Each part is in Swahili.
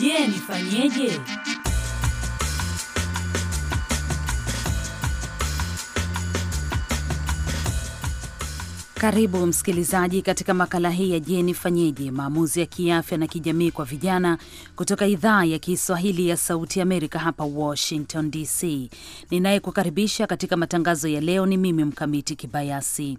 Je, nifanyeje? Karibu msikilizaji katika makala hii ya jeni fanyeje maamuzi ya kiafya na kijamii kwa vijana kutoka idhaa ya Kiswahili ya Sauti Amerika hapa Washington DC. Ninayekukaribisha katika matangazo ya leo ni mimi Mkamiti Kibayasi.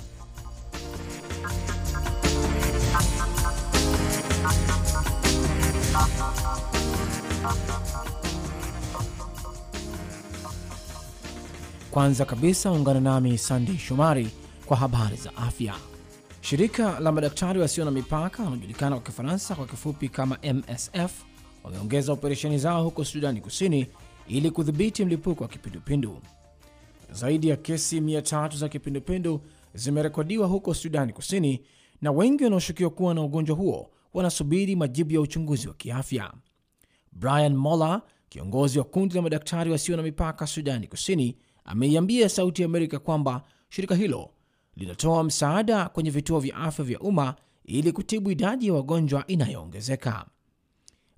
Kwanza kabisa ungana nami Sandei Shomari kwa habari za afya. Shirika la madaktari wasio na mipaka wanaojulikana kwa Kifaransa kwa kifupi kama MSF wameongeza operesheni zao huko Sudani Kusini ili kudhibiti mlipuko wa kipindupindu. Zaidi ya kesi 3 za kipindupindu zimerekodiwa huko Sudani Kusini, na wengi wanaoshukiwa kuwa na ugonjwa huo wanasubiri majibu ya uchunguzi wa kiafya. Brian Moller, kiongozi wa kundi la madaktari wasio na mipaka Sudani Kusini, ameiambia Sauti ya Amerika kwamba shirika hilo linatoa msaada kwenye vituo vya afya vya umma ili kutibu idadi ya wagonjwa inayoongezeka.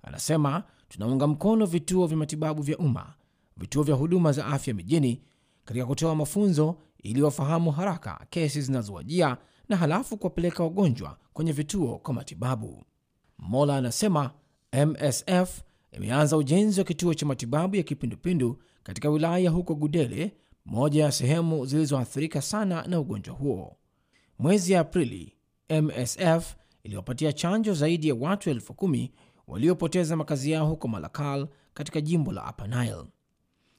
Anasema, tunaunga mkono vituo vya matibabu vya umma, vituo vya huduma za afya mijini katika kutoa mafunzo ili wafahamu haraka kesi zinazowajia na halafu kuwapeleka wagonjwa kwenye vituo kwa matibabu. Mola anasema MSF imeanza ujenzi wa kituo cha matibabu ya kipindupindu katika wilaya huko Gudele moja ya sehemu zilizoathirika sana na ugonjwa huo. Mwezi Aprili, MSF iliwapatia chanjo zaidi ya watu elfu kumi waliopoteza makazi yao huko Malakal katika jimbo la Upper Nile.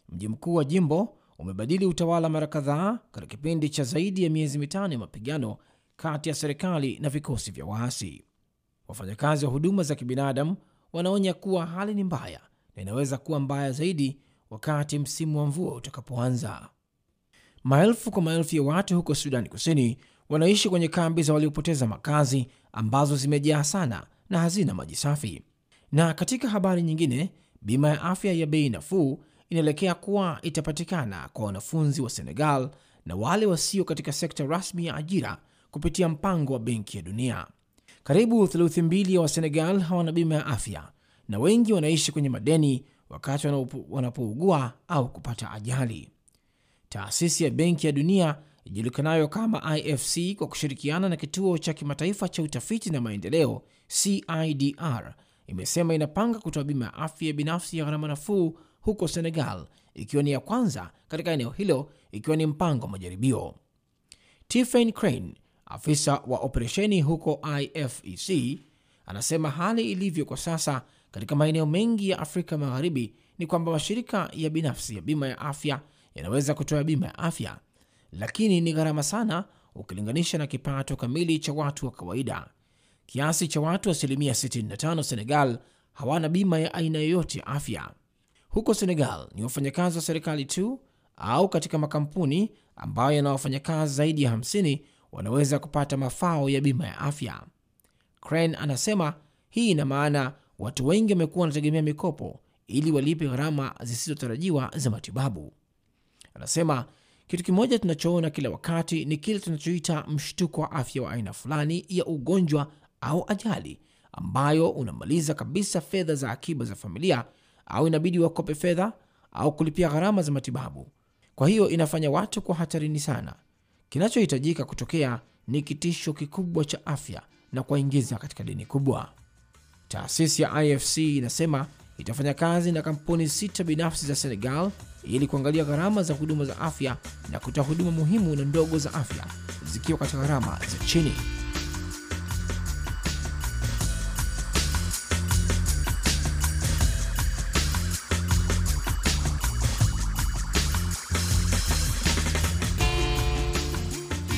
Mji mkuu wa jimbo umebadili utawala mara kadhaa katika kipindi cha zaidi ya miezi mitano ya mapigano kati ya serikali na vikosi vya waasi. Wafanyakazi wa huduma za kibinadamu wanaonya kuwa hali ni mbaya na inaweza kuwa mbaya zaidi wakati msimu wa mvua utakapoanza. Maelfu kwa maelfu ya watu huko Sudani Kusini wanaishi kwenye kambi za waliopoteza makazi ambazo zimejaa sana na hazina maji safi. Na katika habari nyingine, bima ya afya ya bei nafuu inaelekea kuwa itapatikana kwa wanafunzi wa Senegal na wale wasio katika sekta rasmi ya ajira kupitia mpango wa Benki ya Dunia. Karibu theluthi mbili ya Wasenegal hawana bima ya afya na wengi wanaishi kwenye madeni wakati wanapougua au kupata ajali. Taasisi ya Benki ya Dunia ijulikanayo kama IFC kwa kushirikiana na Kituo cha Kimataifa cha Utafiti na Maendeleo CIDR imesema inapanga kutoa bima ya afya binafsi ya gharama nafuu huko Senegal, ikiwa ni ya kwanza katika eneo hilo, ikiwa ni mpango wa majaribio. Tiffany Crane, afisa wa operesheni huko IFEC, anasema hali ilivyo kwa sasa katika maeneo mengi ya Afrika Magharibi ni kwamba mashirika ya binafsi ya bima ya afya yanaweza kutoa bima ya afya, lakini ni gharama sana ukilinganisha na kipato kamili cha watu wa kawaida. Kiasi cha watu asilimia 65 Senegal hawana bima ya aina yoyote ya afya. Huko Senegal ni wafanyakazi wa serikali tu au katika makampuni ambayo yana wafanyakazi zaidi ya 50 wanaweza kupata mafao ya bima ya afya. cren anasema hii ina maana watu wengi wamekuwa wanategemea mikopo ili walipe gharama zisizotarajiwa za matibabu. Anasema kitu kimoja tunachoona kila wakati ni kile tunachoita mshtuko wa afya wa aina fulani ya ugonjwa au ajali ambayo unamaliza kabisa fedha za akiba za familia, au inabidi wakope fedha au kulipia gharama za matibabu. Kwa hiyo inafanya watu kwa hatarini sana. Kinachohitajika kutokea ni kitisho kikubwa cha afya na kuwaingiza katika deni kubwa. Taasisi ya IFC inasema itafanya kazi na kampuni sita binafsi za Senegal ili kuangalia gharama za huduma za afya na kutoa huduma muhimu na ndogo za afya zikiwa katika gharama za chini.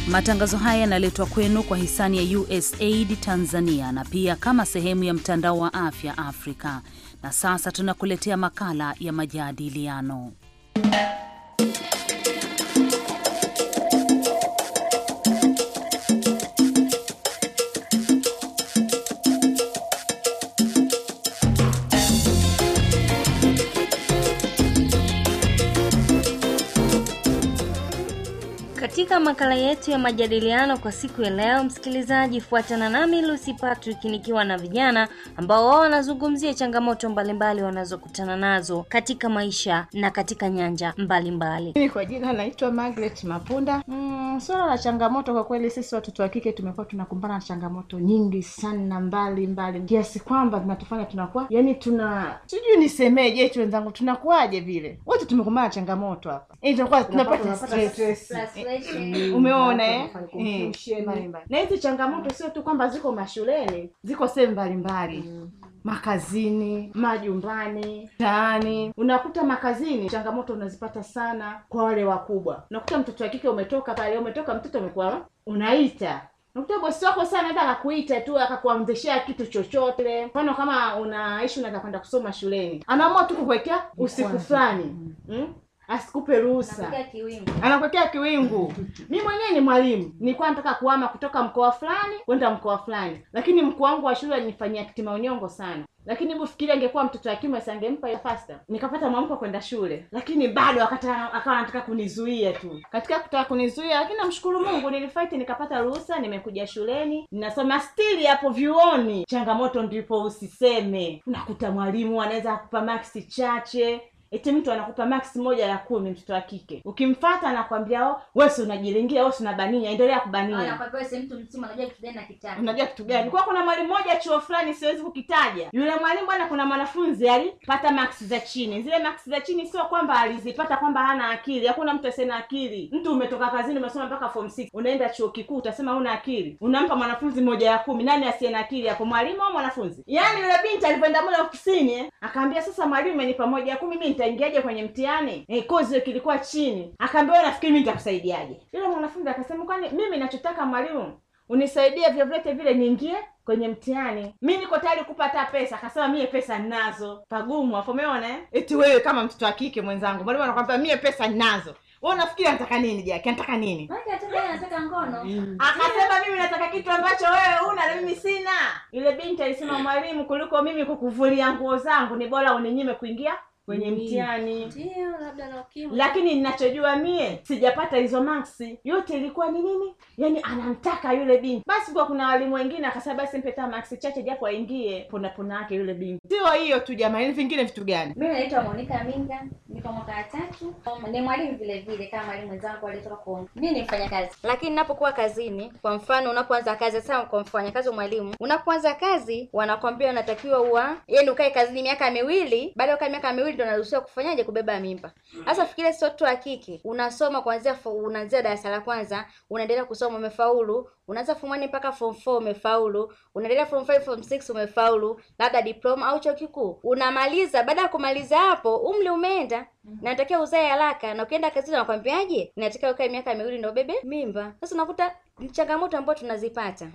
Matangazo haya yanaletwa kwenu kwa hisani ya USAID Tanzania na pia kama sehemu ya mtandao wa afya Afrika na sasa tunakuletea makala ya majadiliano Katika makala yetu ya majadiliano kwa siku ya leo, msikilizaji, fuatana nami Lucy Patrick nikiwa na vijana ambao wao wanazungumzia changamoto mbalimbali wanazokutana nazo katika maisha na katika nyanja mbalimbali. Mimi kwa jina naitwa Margaret Mapunda. Mm, swala la changamoto kwa kweli, sisi watoto wa kike tumekuwa tunakumbana na changamoto nyingi sana mbalimbali, kiasi kwamba zinatufanya tunakuwa yani, tuna sijui nisemeje, eti wenzangu, tunakuwaje vile wote tumekumbana na changamoto hapa, yaani tunapata stress eh, Mm-hmm. umeona eh? eh Na hizi changamoto sio tu kwamba ziko mashuleni, ziko sehemu mbalimbali mm-hmm. Makazini, majumbani, taani. Unakuta makazini changamoto unazipata sana kwa wale wakubwa. Unakuta mtoto wa kike umetoka pale, umetoka mtoto amekuwa unaita Unakuta bosi wako sana hata akakuita tu akakuanzishia kitu chochote. Mfano kama unaishi unataka kwenda kusoma shuleni, anaamua tu kukuwekea usiku fulani mm-hmm. mm asikupe ruhusa, anakwekea kiwingu. Mi mwenyewe ni mwalimu, nilikuwa nataka kuhama kutoka mkoa fulani kwenda mkoa fulani, lakini mkuu wangu wa shule alinifanyia kitimaunyongo sana lakini hebu fikiria, angekuwa mtoto wa kiume sangempa fasta. Nikapata mwamko kwenda shule, lakini bado akata akawa anataka kunizuia tu. Katika kutaka kunizuia, lakini namshukuru Mungu nilifight, nikapata ruhusa, nimekuja shuleni, ninasoma stili hapo vyuoni. Changamoto ndipo usiseme, unakuta mwalimu anaweza kupa maksi chache eti mtu anakupa max moja ya kumi, mtoto wa kike ukimfata anakwambia oh, wewe si unajilingia, wewe si unabania, endelea kubania. Unajua kitu gani? Kwa kuna mwalimu mmoja chuo fulani, siwezi kukitaja, yule mwalimu bwana, kuna mwanafunzi alipata max za chini. Zile max za chini sio kwamba alizipata kwamba hana akili, hakuna mtu asiye na akili. Mtu umetoka kazini, umesoma mpaka form 6 unaenda chuo kikuu, utasema una akili? Unampa mwanafunzi moja ya kumi, nani asiye na akili hapo, mwalimu au mwanafunzi? Yaani yule binti alipoenda mule ofisini, eh, akaambia sasa mwalimu amenipa moja ya kumi mimi nitaingiaje kwenye mtihani? e, kozi hiyo kilikuwa chini. Akaambiwa nafikiri mimi nitakusaidiaje? Yule mwanafunzi akasema, kwani mimi ninachotaka mwalimu unisaidie vyovyote vile niingie kwenye mtihani, mi niko tayari kupata pesa. Akasema mie pesa ninazo. Pagumu hapo, umeona eh? Eti wewe kama mtoto wa kike mwenzangu, mwalimu anakwambia mie pesa ninazo. we nafikiri anataka nini jake Anataka nini? Anataka ngono. Mm. Akasema mimi nataka kitu ambacho wewe una na mimi sina. ile binti alisema, mwalimu, kuliko mimi kukuvulia nguo zangu ni bora uninyime kuingia kwenye mm. mtihani labda na ukimwi, lakini ninachojua mie sijapata hizo maksi. Yote ilikuwa ni nini? Yaani anamtaka yule binti. Basi kuwa kuna walimu wengine akasema basi mpeta maksi chache japo aingie, pona pona yule binti. Sio hiyo tu jamani, yaani vingine vitu gani? mi naitwa monika Minga niko mwaka wa tatu. Ni mwalimu vile vile kama mwalimu mwenzangu aliyetoka kuongo. Mimi ni mfanyakazi, lakini ninapokuwa kazini, kwa mfano unapoanza kazi sasa, kwa mfanyakazi mwalimu, unapoanza kazi wanakwambia unatakiwa uwa yaani ukae kazini miaka miwili. Baada ya miaka miwili ndo unaruhusiwa kufanyaje? Kubeba mimba. Sasa fikiria, si mtoto wa kike unasoma kuanzia unaanzia darasa la kwanza unaendelea kusoma, umefaulu unaanza form 1 mpaka form 4 umefaulu, unaendelea form 5 form 6 umefaulu, labda diploma au chuo kikuu unamaliza. Baada ya kumaliza hapo, umri umeenda na mhm. natakiwa uzae haraka, na ukienda kazini wanakwambiaje, natakiwa ukae miaka miwili ndio bebe mimba. Sasa unakuta ni changamoto ambayo tunazipata.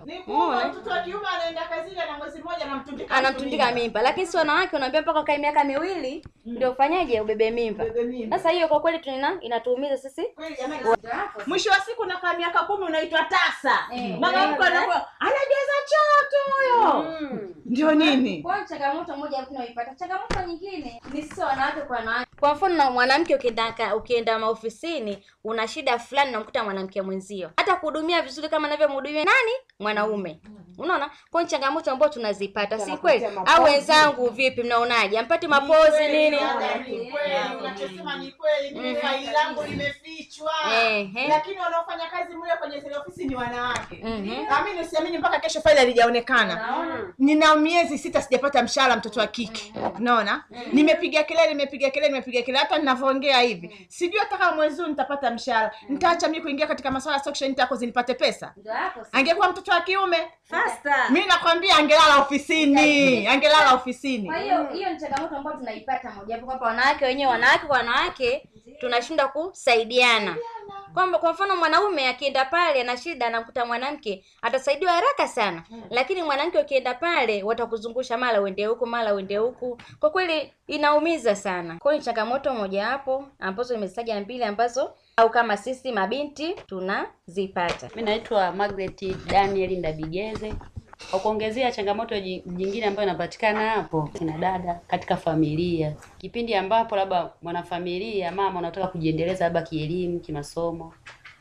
Mtoto wa kiume anaenda kazini ana mwezi mmoja anamtundika anamtundika mimba, lakini si wanawake unaambia mpaka ukae miaka miwili mm, ndio ufanyaje ubebe mimba. Sasa hiyo kwa kweli tunina inatuumiza sisi. Mwisho wa siku nakaa miaka kumi unaitwa tasa eh, mama mko anakuwa anajaza choo huyo mm. ndio nini. Kwa changamoto moja tunaipata, changamoto nyingine ni sisi wanawake kwa wanawake kwa mfano mwanamke ukienda ukienda maofisini, una shida fulani, unamkuta mwanamke mwenzio, hata kuhudumia vizuri kama anavyomhudumia nani mwanaume. Unaona, kwa changamoto ambazo tunazipata, si kweli? Au wenzangu, vipi, mnaonaje? ampati mapozi nini? Yaani, Unachosema mhm. lakini wanaofanya kazi mle kwenye zile ofisi ni wanawake. Mhm. Amini usiamini, mpaka kesho faili Nina miezi sita sijapata mshahara, mtoto wa kike. Mhm. Unaona, nimepiga kelele, nimepiga kelele, nimepiga napiga kile hata ninavyoongea hivi mm. sijui hata kama mwezi huu nitapata mshahara mm. nitaacha mimi kuingia katika masuala ya section nitako zinipate pesa angekuwa mtoto wa kiume mimi nakwambia angelala ofisini angelala ofisini kwa hiyo hiyo ni changamoto ambayo tunaipata mojawapo kwamba wanawake wenyewe wanawake kwa wanawake tunashinda kusaidiana kwamba kwa mfano mwanaume akienda pale ana shida anamkuta mwanamke atasaidiwa haraka sana hmm. Lakini mwanamke ukienda pale watakuzungusha mara uende huku mara uende huku, kwa kweli inaumiza sana. Kwa hiyo ni changamoto mojawapo ambazo imezitaja mbili ambazo au kama sisi mabinti tunazipata. Mimi naitwa Margaret Daniel Ndabigeze. Kwa kuongezea changamoto nyingine ambayo inapatikana hapo, kina dada katika familia, kipindi ambapo labda mwanafamilia mama unataka kujiendeleza labda kielimu, kimasomo,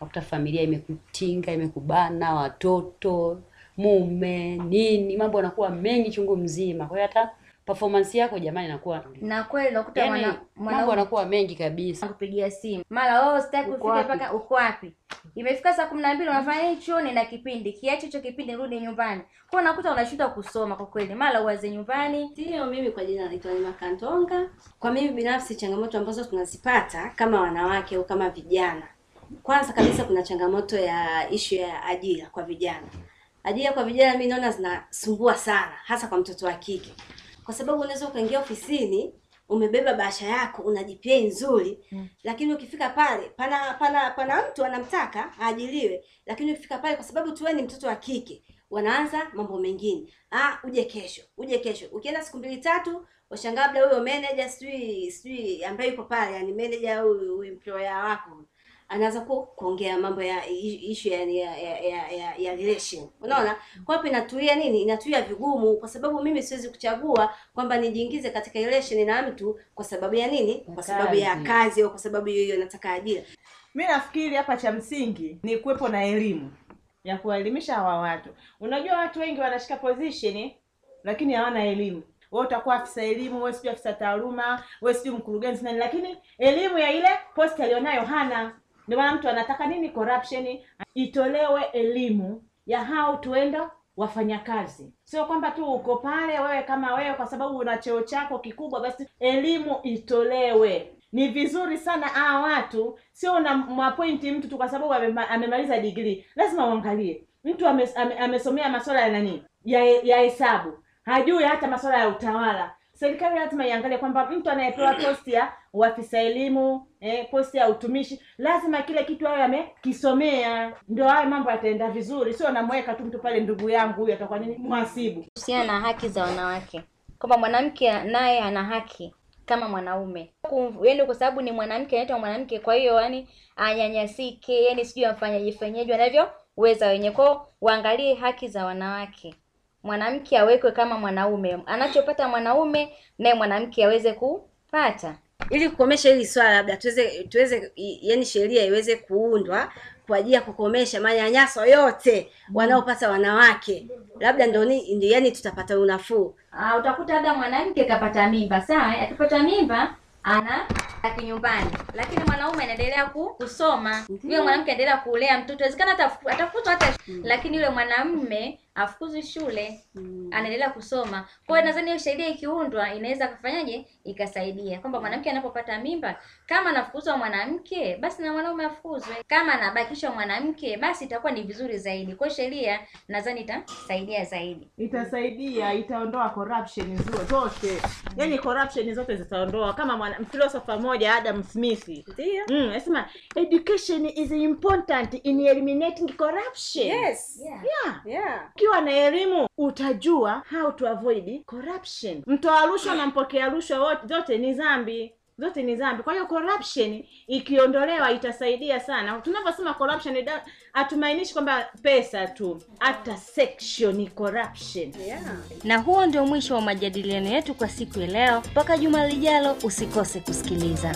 nakuta familia imekutinga, imekubana, watoto, mume, nini, mambo yanakuwa mengi chungu mzima, kwa hiyo hata performance yako jamani inakuwa na kweli unakuta yani, mwana, mwana mambo yanakuwa mengi kabisa. Kupigia simu mara wewe oh, usitaki kufika mpaka uko wapi? Imefika saa 12 unafanya nini chuoni na kipindi kiacho hicho kipindi rudi nyumbani. Kwa unakuta unashindwa kusoma kwa kweli, mara uwaze nyumbani. Ndio mimi kwa jina naitwa Neema Kantonga. Kwa mimi binafsi changamoto ambazo tunazipata kama wanawake au kama vijana. Kwanza kabisa kuna changamoto ya ishu ya ajira kwa vijana. Ajira kwa vijana mimi naona zinasumbua sana hasa kwa mtoto wa kike kwa sababu unaweza ukaingia ofisini umebeba bahasha yako una GPA nzuri mm. Lakini ukifika pale pana pana pana mtu anamtaka aajiliwe, lakini ukifika pale, kwa sababu tu ni mtoto wa kike, wanaanza mambo mengine, ah, uje kesho, uje kesho. Ukienda siku mbili tatu, washangaa labda huyo manager sijui sijui ambaye yuko pale, yani manager au employer wako anaanza kuongea mambo ya issue ya ya, ya, ya, ya relation. Unaona? Kwa hapo inatuia nini? Inatuia vigumu kwa sababu mimi siwezi kuchagua kwamba nijiingize katika relation na mtu kwa sababu ya nini? Kwa sababu ya kazi au kwa sababu hiyo nataka ajira. Mimi nafikiri hapa cha msingi ni kuwepo na elimu ya kuwaelimisha hawa watu. Unajua watu wengi wanashika position lakini hawana elimu. Wewe utakuwa afisa elimu, wewe sio afisa taaluma, wewe sio mkurugenzi nani, lakini elimu ya ile posti aliyonayo hana. Ndio maana mtu anataka nini corruption, itolewe elimu ya hao tuenda wafanyakazi, sio kwamba tu uko pale wewe kama wewe, kwa sababu una cheo chako kikubwa, basi elimu itolewe. Ni vizuri sana aa watu, sio mapointi mtu tu kwa sababu amemaliza degree. Lazima uangalie mtu amesomea ame, ame masuala ya nani ya hesabu, hajui hata masuala ya utawala serikali lazima iangalie kwamba mtu anayepewa posti ya uafisa elimu eh, posti ya utumishi lazima kile kitu ayo amekisomea, ndio hayo mambo yataenda vizuri, sio namweka tu mtu pale, ndugu yangu huyu atakuwa nini mwasibu. Kuhusiana na haki za wanawake, kwamba mwanamke naye ana haki kama mwanaume yaani, kwa sababu ni mwanamke anaitwa mwanamke, kwa hiyo yani anyanyasike, yani sijui amfanyaje fanyaje wanavyoweza wenye kwao, waangalie haki za wanawake mwanamke awekwe kama mwanaume, anachopata mwanaume naye mwanamke aweze kupata, ili kukomesha hili swala, labda tuweze tuweze, yani sheria iweze kuundwa kwa ajili ya kukomesha manyanyaso yote mm. wanaopata wanawake, labda ndio ni yani tutapata unafuu. Ah, utakuta labda mwanamke kapata mimba, sawa, eh, akipata mimba ana aki nyumbani, lakini mwanaume anaendelea kusoma, yule mwanamke anaendelea kulea mtoto, inawezekana atafuta hata, mm. lakini yule mwanamume afukuzwi shule mm. anaendelea kusoma. Kwa hiyo nadhani hiyo sheria ikiundwa inaweza kufanyaje, ikasaidia kwamba mwanamke anapopata mimba, kama anafukuzwa mwanamke, basi na mwanaume afukuzwe, kama anabakishwa mwanamke, basi itakuwa ni vizuri zaidi. Kwa sheria nadhani itasaidia zaidi, itasaidia, itaondoa corruption zote, yaani corruption zote zitaondoa, kama mfilosofa mmoja Adam Smith ndio mm, anasema education is important in eliminating corruption. Yes. Yeah. Yeah. Yeah ukiwa na elimu utajua how to avoid corruption. Mtoa rushwa na mpokea rushwa zote ni zambi zote ni zambi Kwa hiyo corruption ikiondolewa itasaidia sana. tunavyosema corruption hatumainishi kwamba pesa tu, hata section corruption yeah. Na huo ndio mwisho wa majadiliano yetu kwa siku ya leo. Mpaka juma lijalo, usikose kusikiliza.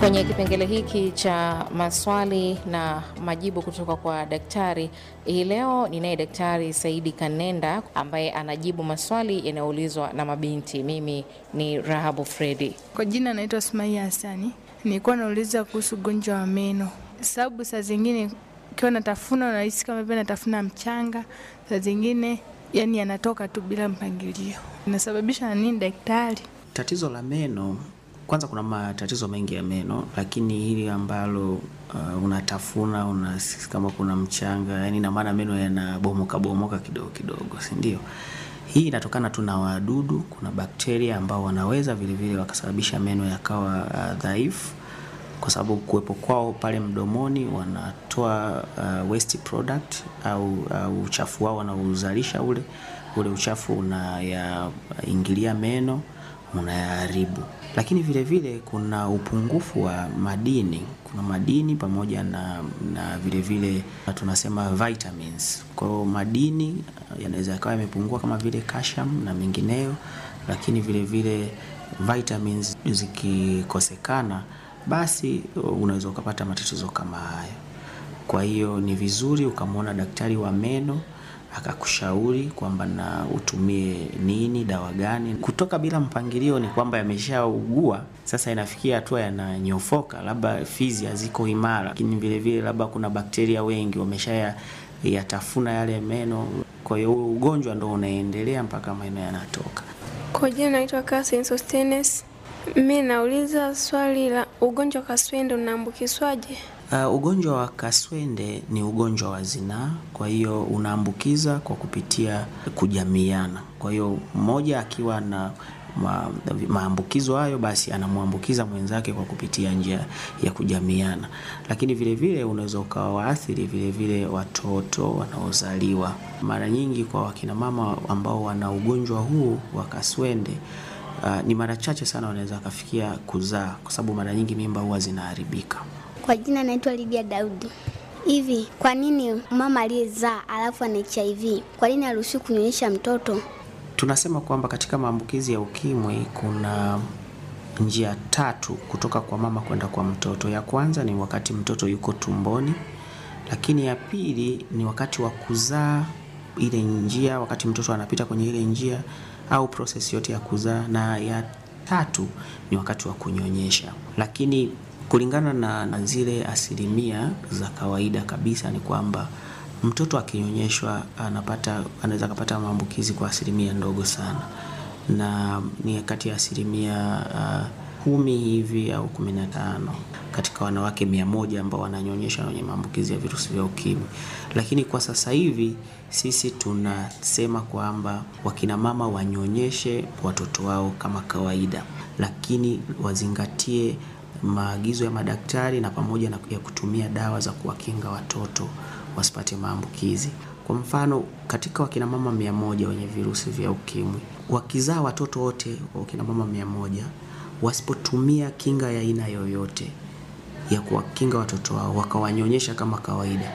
Kwenye kipengele hiki cha maswali na majibu kutoka kwa daktari, hii leo ninaye Daktari Saidi Kanenda ambaye anajibu maswali yanayoulizwa na mabinti. Mimi ni Rahabu Fredi. Kwa jina naitwa Sumaia Hasani. Nilikuwa nauliza kuhusu ugonjwa wa meno, sababu saa zingine ukiwa natafuna unahisi kama vile natafuna mchanga, saa zingine yani yanatoka tu bila mpangilio. Inasababisha nini daktari? Tatizo la meno kwanza kuna matatizo mengi ya meno, lakini hili ambalo uh, unatafuna unasikia kama kuna mchanga, yani na maana meno yanabomoka bomoka kidogo kidogo, si ndio? Hii inatokana tu na wadudu, kuna bakteria ambao wanaweza vilevile wakasababisha meno yakawa uh, dhaifu kwa sababu kuwepo kwao pale mdomoni wanatoa uh, waste product au uh, uchafu wao wanaozalisha ule ule uchafu unayaingilia meno unayaharibu. Lakini vile vile kuna upungufu wa madini, kuna madini pamoja na, na vile vile tunasema vitamins. Kwa hiyo madini yanaweza yakawa yamepungua kama vile calcium na mengineyo, lakini vile vile vitamins zikikosekana, basi unaweza ukapata matatizo kama haya. Kwa hiyo ni vizuri ukamwona daktari wa meno akakushauri kwamba na utumie nini, dawa gani. Kutoka bila mpangilio ni kwamba yameshaugua, sasa inafikia hatua yananyofoka, labda fizi haziko imara, lakini vilevile labda kuna bakteria wengi wamesha yatafuna yale meno, kwa hiyo huo ugonjwa ndo unaendelea mpaka maeno yanatoka. Kwa jina naitwa kasinsostenes mi nauliza swali la ugonjwa wa kaswende Uh, ugonjwa wa kaswende ni ugonjwa wa zinaa, kwa hiyo unaambukiza kwa kupitia kujamiana. Kwa hiyo mmoja akiwa na ma, maambukizo hayo basi anamwambukiza mwenzake kwa kupitia njia ya kujamiana, lakini vilevile unaweza ukawa vile vilevile watoto wanaozaliwa. Mara nyingi kwa wakinamama ambao wana ugonjwa huu wa kaswende uh, ni mara chache sana wanaweza akafikia kuzaa, kwa sababu mara nyingi mimba huwa zinaharibika. Kwa jina naitwa Lydia Daudi. Hivi kwa nini mama aliyezaa alafu ana HIV, kwa nini haruhusiwi kunyonyesha mtoto? Tunasema kwamba katika maambukizi ya ukimwi kuna njia tatu kutoka kwa mama kwenda kwa mtoto. Ya kwanza ni wakati mtoto yuko tumboni, lakini ya pili ni wakati wa kuzaa, ile njia wakati mtoto anapita kwenye ile njia au proses yote ya kuzaa, na ya tatu ni wakati wa kunyonyesha. Lakini Kulingana na, na zile asilimia za kawaida kabisa ni kwamba mtoto akinyonyeshwa anapata anaweza kupata maambukizi kwa asilimia ndogo sana, na ni kati ya asilimia uh, kumi hivi au kumi na tano katika wanawake mia moja ambao wananyonyesha wenye maambukizi ya virusi vya ukimwi. Lakini kwa sasa hivi sisi tunasema kwamba wakina mama wanyonyeshe watoto wao kama kawaida, lakini wazingatie maagizo ya madaktari na pamoja na ya kutumia dawa za kuwakinga watoto wasipate maambukizi. Kwa mfano katika wakina mama mia moja wenye virusi vya ukimwi, wakizaa watoto wote wakina mama mia moja wasipotumia kinga ya aina yoyote ya kuwakinga watoto wao wakawanyonyesha kama kawaida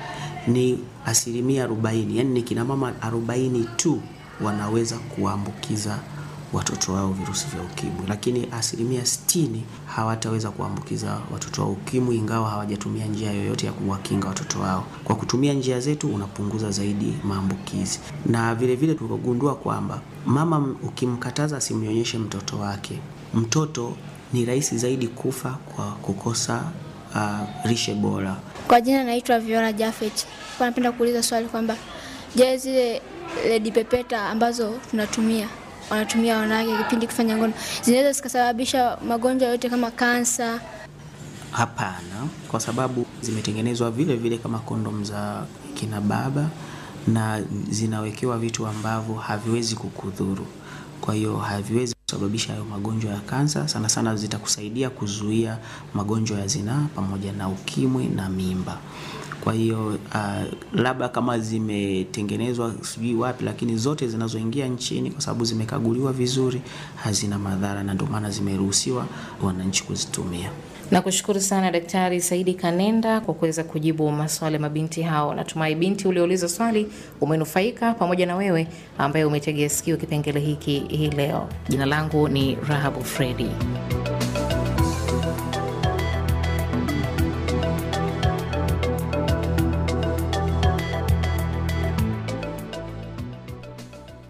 ni asilimia arobaini, yani ni kina mama arobaini tu wanaweza kuambukiza watoto wao virusi vya ukimwi, lakini asilimia sitini hawataweza kuambukiza watoto wao ukimwi ingawa hawajatumia njia yoyote ya kuwakinga watoto wao. Kwa kutumia njia zetu unapunguza zaidi maambukizi, na vilevile tukagundua kwamba mama ukimkataza asimnyonyeshe mtoto wake, mtoto ni rahisi zaidi kufa kwa kukosa uh, bora. Kwa jina naitwa Viola Jafet. Napenda kuuliza swali kwamba je, zile ledipepeta ambazo tunatumia wanatumia wanawake kipindi kufanya ngono zinaweza zikasababisha magonjwa yote kama kansa? Hapana, kwa sababu zimetengenezwa vile vile kama kondom za kina baba na zinawekewa vitu ambavyo haviwezi kukudhuru, kwa hiyo haviwezi kusababisha hayo magonjwa ya kansa. Sana sana zitakusaidia kuzuia magonjwa ya zinaa pamoja na ukimwi na mimba. Kwa hiyo uh, labda kama zimetengenezwa sijui wapi, lakini zote zinazoingia nchini kwa sababu zimekaguliwa vizuri hazina madhara, na ndio maana zimeruhusiwa wananchi kuzitumia. Nakushukuru sana Daktari Saidi Kanenda kwa kuweza kujibu maswali mabinti hao. Natumai binti uliouliza swali umenufaika, pamoja na wewe ambaye umetegea sikio kipengele hiki hii leo. Jina langu ni Rahabu Fredi.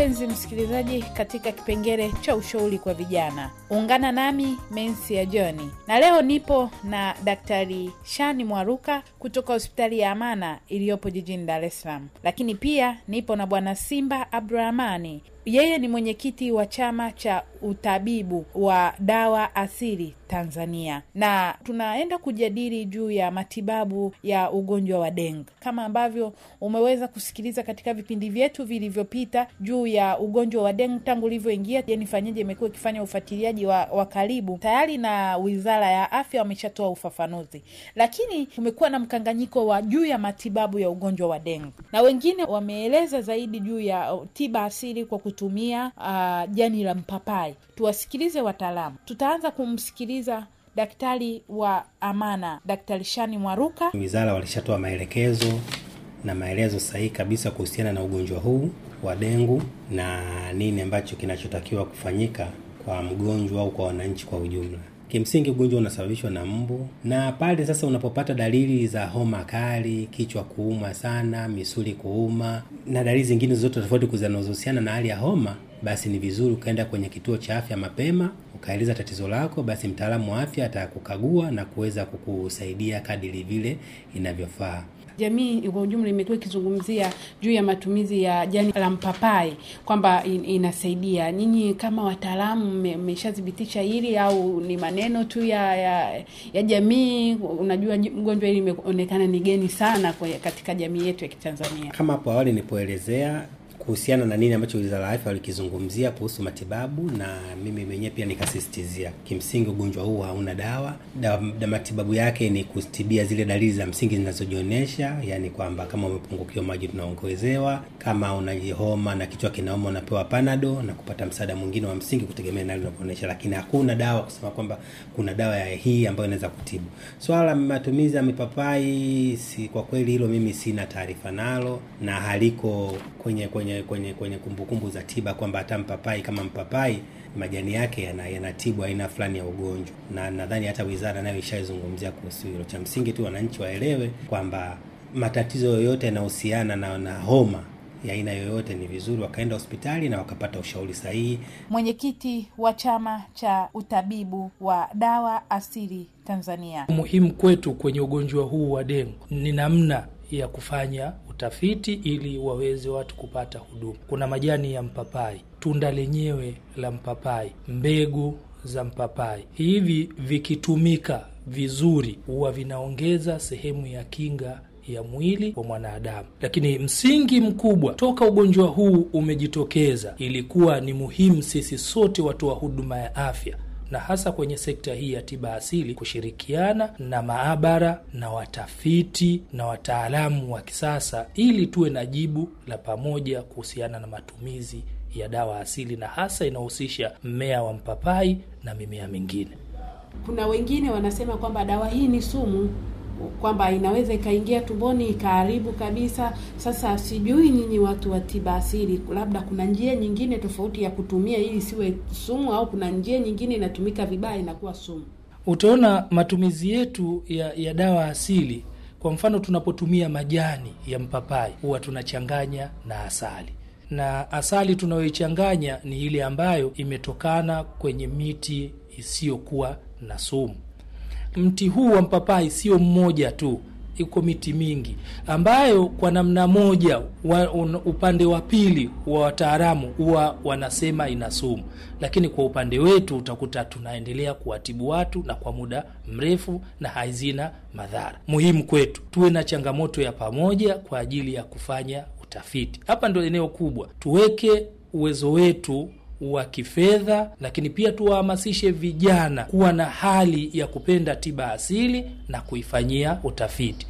mpenzi msikilizaji, katika kipengele cha ushauri kwa vijana, ungana nami Mensi ya Joni, na leo nipo na Daktari Shani Mwaruka kutoka hospitali ya Amana iliyopo jijini Dar es Salaam, lakini pia nipo na Bwana Simba Abdurahmani yeye ni mwenyekiti wa chama cha utabibu wa dawa asili Tanzania, na tunaenda kujadili juu ya matibabu ya ugonjwa wa deng Kama ambavyo umeweza kusikiliza katika vipindi vyetu vilivyopita juu ya ugonjwa wa deng tangu ulivyoingia Je Nifanyeje imekuwa ikifanya ufuatiliaji wa, wa karibu tayari, na Wizara ya Afya wameshatoa ufafanuzi, lakini kumekuwa na mkanganyiko wa juu ya matibabu ya ugonjwa wa deng na wengine wameeleza zaidi juu ya uh, tiba asili kwa kutumia uh, jani la mpapai. Tuwasikilize wataalamu. Tutaanza kumsikiliza daktari wa Amana, Daktari Shani Mwaruka. Wizara walishatoa maelekezo na maelezo sahihi kabisa kuhusiana na ugonjwa huu wa dengu na nini ambacho kinachotakiwa kufanyika kwa mgonjwa au kwa wananchi kwa ujumla. Kimsingi ugonjwa unasababishwa na mbu, na pale sasa unapopata dalili za homa kali, kichwa kuuma sana, misuli kuuma na dalili zingine zote tofauti zinazohusiana na hali ya homa, basi ni vizuri ukaenda kwenye kituo cha afya mapema ukaeleza tatizo lako, basi mtaalamu wa afya atakukagua na kuweza kukusaidia kadiri vile inavyofaa. Jamii kwa ujumla imekuwa ikizungumzia juu ya matumizi ya jani la mpapai kwamba in, inasaidia. Nyinyi kama wataalamu mmeshathibitisha hili au ni maneno tu ya, ya, ya jamii? Unajua mgonjwa hili imeonekana ni geni sana kwa katika jamii yetu ya Kitanzania. Kama hapo awali nilipoelezea kuhusiana na nini ambacho Wizara ya Afya walikizungumzia kuhusu matibabu, na mimi mwenyewe pia nikasisitizia, kimsingi ugonjwa huu hauna dawa da, da matibabu yake ni kutibia zile dalili za msingi zinazojionyesha, yani kwamba kama umepungukiwa maji tunaongezewa, kama una homa na kichwa kinauma unapewa panado na kupata msaada mwingine wa msingi kutegemea na unavyoonyesha, lakini hakuna dawa kusema kwamba kuna dawa ya hii ambayo inaweza kutibu swala. So, matumizi ya mipapai si, kwa kweli hilo mimi sina taarifa nalo na haliko kwenye kwenye kwenye kwenye kumbukumbu za tiba kwamba hata mpapai kama mpapai majani yake yanatibu aina fulani ya ugonjwa, na nadhani hata wizara nayo ishaizungumzia kuhusu hilo. Cha msingi tu wananchi waelewe kwamba matatizo yoyote yanahusiana na, na homa ya aina yoyote ni vizuri wakaenda hospitali na wakapata ushauri sahihi. Mwenyekiti wa Chama cha Utabibu wa Dawa Asili Tanzania: muhimu kwetu kwenye ugonjwa huu wa dengue ni namna ya kufanya utafiti ili waweze watu kupata huduma. Kuna majani ya mpapai, tunda lenyewe la mpapai, mbegu za mpapai. Hivi vikitumika vizuri, huwa vinaongeza sehemu ya kinga ya mwili wa mwanadamu. Lakini msingi mkubwa toka ugonjwa huu umejitokeza, ilikuwa ni muhimu sisi sote watoa huduma ya afya na hasa kwenye sekta hii ya tiba asili kushirikiana na maabara na watafiti na wataalamu wa kisasa ili tuwe na jibu la pamoja kuhusiana na matumizi ya dawa asili na hasa inahusisha mmea wa mpapai na mimea mingine. Kuna wengine wanasema kwamba dawa hii ni sumu, kwamba inaweza ikaingia tumboni ikaharibu kabisa. Sasa sijui nyinyi watu wa tiba asili, labda kuna njia nyingine tofauti ya kutumia ili isiwe sumu, au kuna njia nyingine inatumika vibaya inakuwa sumu. Utaona matumizi yetu ya, ya dawa asili, kwa mfano tunapotumia majani ya mpapai huwa tunachanganya na asali na asali tunayoichanganya ni ile ambayo imetokana kwenye miti isiyokuwa na sumu mti huu wa mpapai sio mmoja tu, iko miti mingi ambayo kwa namna moja wa, un, upande wa pili wa wataalamu huwa wanasema ina sumu, lakini kwa upande wetu utakuta tunaendelea kuwatibu watu na kwa muda mrefu na hazina madhara. Muhimu kwetu tuwe na changamoto ya pamoja kwa ajili ya kufanya utafiti. Hapa ndo eneo kubwa, tuweke uwezo wetu wa kifedha, lakini pia tuwahamasishe vijana kuwa na hali ya kupenda tiba asili na kuifanyia utafiti.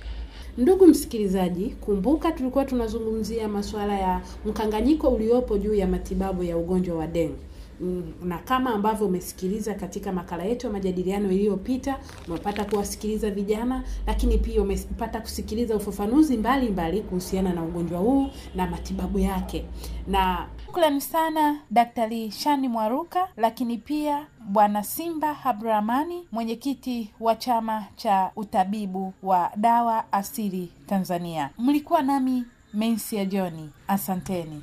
Ndugu msikilizaji, kumbuka tulikuwa tunazungumzia masuala ya mkanganyiko uliopo juu ya matibabu ya ugonjwa wa dengue. Mm, na kama ambavyo umesikiliza katika makala yetu ya majadiliano iliyopita, umepata kuwasikiliza vijana, lakini pia umepata kusikiliza ufafanuzi mbalimbali kuhusiana na ugonjwa huu na matibabu yake. Na shukrani sana Daktari Shani Mwaruka, lakini pia Bwana Simba Abdurahmani, mwenyekiti wa chama cha utabibu wa dawa asili Tanzania. Mlikuwa nami Mensia Johni, asanteni.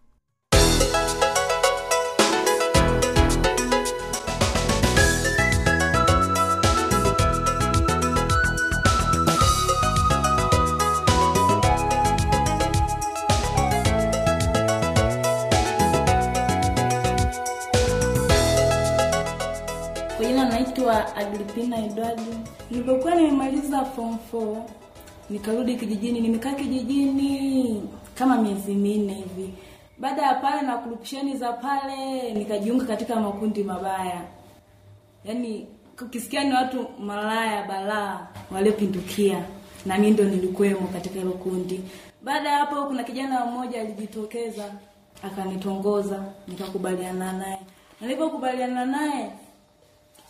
naitwa Agripina Edward. Nilipokuwa nimemaliza form 4 nikarudi kijijini, nimekaa kijijini kama miezi minne hivi. Baada ya pale na kurupisheni za pale, nikajiunga katika makundi mabaya, yaani ukisikia ni watu malaya balaa waliopindukia, na mimi ndo nilikuwemo katika hilo kundi. Baada ya hapo, kuna kijana mmoja alijitokeza akanitongoza, nikakubaliana naye. Nilipokubaliana naye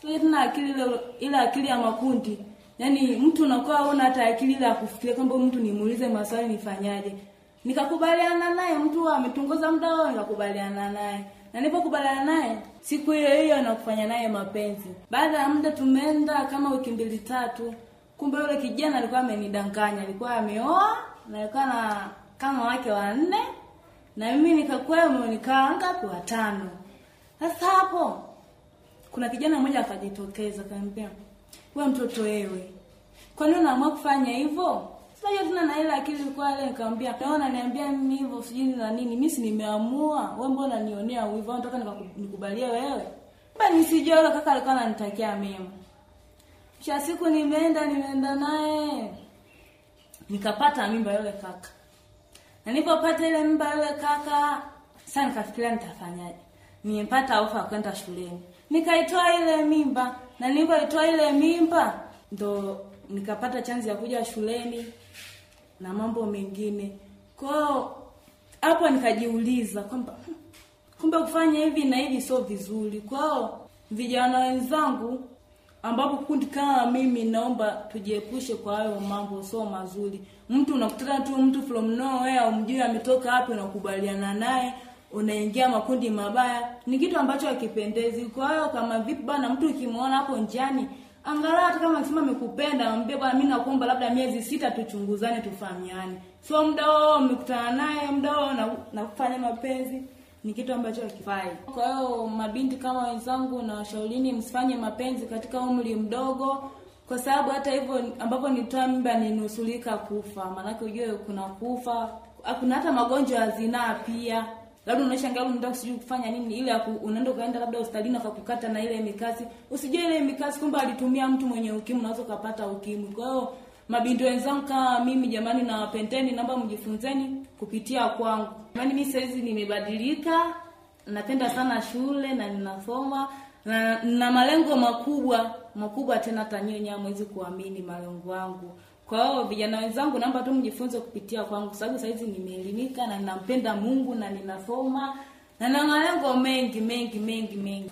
tuna akili ile ile akili ya makundi. Yaani mtu unakuwa una hata akili ya kufikiria kwamba mtu nimuulize maswali nifanyaje. Nikakubaliana naye, mtu ametongoza muda wao, nikakubaliana naye na nilipokubaliana naye siku hiyo hiyo na kufanya naye mapenzi. Baada ya muda tumeenda kama wiki mbili tatu, kumbe yule kijana alikuwa amenidanganya, alikuwa ameoa na alikuwa na kama wake wanne, na mimi nikakwemo nikaanga kwa tano. Sasa hapo kuna kijana mmoja akajitokeza akaniambia, wewe mtoto wewe, kwa nini unaamua kufanya hivyo? Sasa tena na ile akili kwa ile nikamwambia, naona niambia mimi hivyo sijui na nini, mimi si nimeamua, wewe mbona nionea hivyo Nataka nikubalie wewe. Bali nisijoro kaka alikuwa ananitakia mimi Kisha siku nimeenda nimeenda naye. Nikapata mimba yule kaka. Na nilipopata ile mimba yule kaka, sasa nikafikiria nitafanyaje. Nimepata ofa ya kwenda shuleni nikaitoa ile mimba, na nilipoitoa ile mimba ndo nikapata chanzi ya kuja shuleni na mambo mengine. Kwao hapo nikajiuliza kwamba hmm, kumbe kufanya hivi na hivi sio vizuri. Kwao vijana wenzangu, ambapo kundi kama mimi, naomba tujiepushe kwa hayo mambo, sio mazuri. Mtu unakutana tu mtu from nowhere, umjui ametoka wapi, unakubaliana naye unaingia makundi mabaya, ni kitu ambacho hakipendezi. Kwa hiyo kama vipi bwana, mtu ukimwona hapo njiani, angalau hata kama akisema amekupenda, mwambie bwana, mimi nakuomba labda miezi sita tuchunguzane, tufahamiane. So muda wao mmekutana naye, muda wao huo na kufanya mapenzi ni kitu ambacho hakifai. Kwa hiyo mabinti kama wenzangu, na washaurini msifanye mapenzi katika umri mdogo, kwa sababu hata hivyo ambapo nitoa mimba ninusulika kufa, maanake ujue kuna kufa, kuna hata magonjwa ya zinaa pia labda unashangaa unataka sijui kufanya nini, ile unaenda ukaenda labda hospitalini akakukata na ile mikasi. Usijue ile mikasi kwamba alitumia mtu mwenye ukimwi, naweza ukapata ukimwi. Kwa hiyo mabinti wenzangu kama mimi, jamani, na wapendeni, naomba mjifunzeni kupitia kwangu. Jamani, mimi saizi nimebadilika, napenda sana shule na ninasoma na, na malengo makubwa makubwa, tena tanyenya mwezi kuamini malengo yangu. Kwa hiyo vijana wenzangu, naomba tu mjifunze kupitia kwangu, sababu saa hizi nimeelimika na ninampenda Mungu na ninasoma na nina malengo mengi mengi mengi mengi.